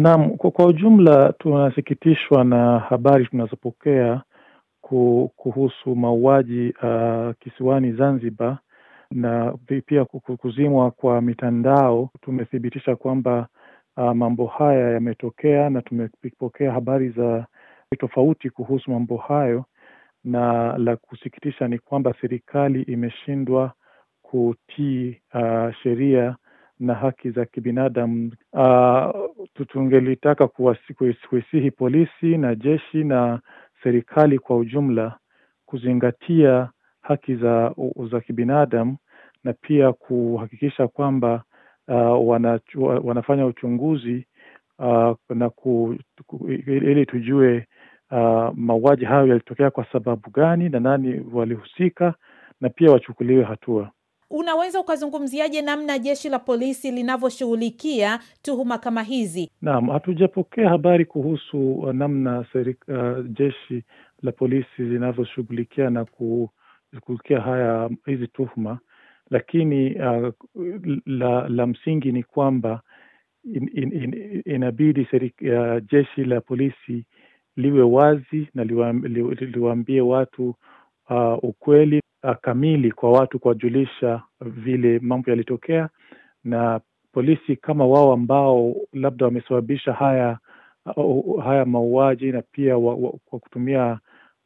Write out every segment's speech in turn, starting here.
Naam, kwa ujumla tunasikitishwa na habari tunazopokea kuhusu mauaji uh, kisiwani Zanzibar na pia kuzimwa kwa mitandao. Tumethibitisha kwamba uh, mambo haya yametokea na tumepokea habari za tofauti kuhusu mambo hayo, na la kusikitisha ni kwamba serikali imeshindwa kutii uh, sheria na haki za kibinadamu. Uh, ah, tungelitaka kuwasihi polisi na jeshi na serikali kwa ujumla kuzingatia haki za, za kibinadamu na pia kuhakikisha kwamba uh, ah, wana, wanafanya uchunguzi uh, na ku, ili tujue uh, mauaji hayo yalitokea kwa sababu gani na nani walihusika na pia wachukuliwe hatua unaweza ukazungumziaje namna jeshi la polisi linavyoshughulikia tuhuma kama hizi? Naam, hatujapokea habari kuhusu uh, namna serik, uh, jeshi la polisi linavyoshughulikia na kushughulikia haya hizi tuhuma, lakini uh, la, la msingi ni kwamba in, in, in, inabidi serik, uh, jeshi la polisi liwe wazi na liwaambie watu uh, ukweli uh, kamili kwa watu kuwajulisha vile mambo yalitokea, na polisi kama wao ambao labda wamesababisha haya uh, haya mauaji na pia wa, wa, kwa kutumia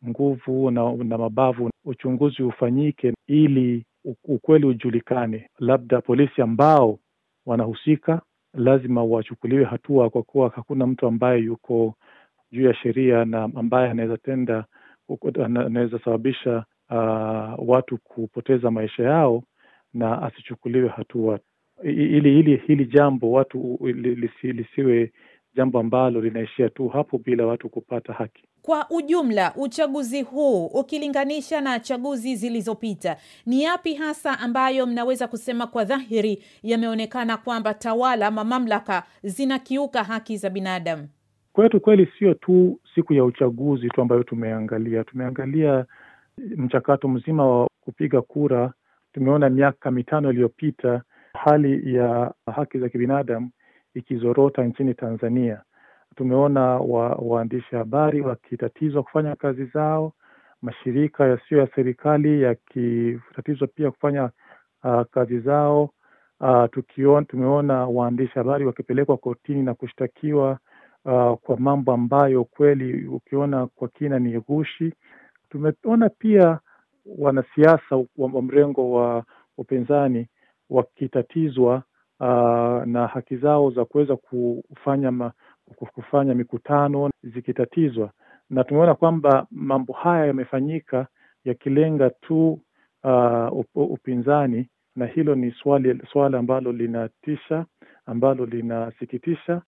nguvu na, na mabavu, uchunguzi ufanyike ili ukweli ujulikane. Labda polisi ambao wanahusika lazima wachukuliwe hatua, kwa kuwa hakuna mtu ambaye yuko juu ya sheria na ambaye anaweza tenda anaweza sababisha uh, watu kupoteza maisha yao na asichukuliwe hatua ili ili hili jambo watu lisi, lisiwe jambo ambalo linaishia tu hapo bila watu kupata haki. Kwa ujumla, uchaguzi huu ukilinganisha na chaguzi zilizopita, ni yapi hasa ambayo mnaweza kusema kwa dhahiri yameonekana kwamba tawala ama mamlaka zinakiuka haki za binadamu? Kwetu kweli, sio tu siku ya uchaguzi tu ambayo tumeangalia, tumeangalia mchakato mzima wa kupiga kura, tumeona miaka mitano iliyopita hali ya haki za kibinadamu ikizorota nchini Tanzania. Tumeona wa, waandishi habari wakitatizwa kufanya kazi zao, mashirika yasiyo ya serikali yakitatizwa pia kufanya uh, kazi zao. Uh, tukion, tumeona waandishi habari wakipelekwa kotini na kushtakiwa uh, kwa mambo ambayo kweli ukiona kwa kina ni ghushi. Tumeona pia wanasiasa wa mrengo wa upinzani wakitatizwa uh, na haki zao za kuweza kufanya ma, kufanya mikutano zikitatizwa, na tumeona kwamba mambo haya yamefanyika yakilenga tu uh, upinzani, na hilo ni swali, swala ambalo linatisha ambalo linasikitisha.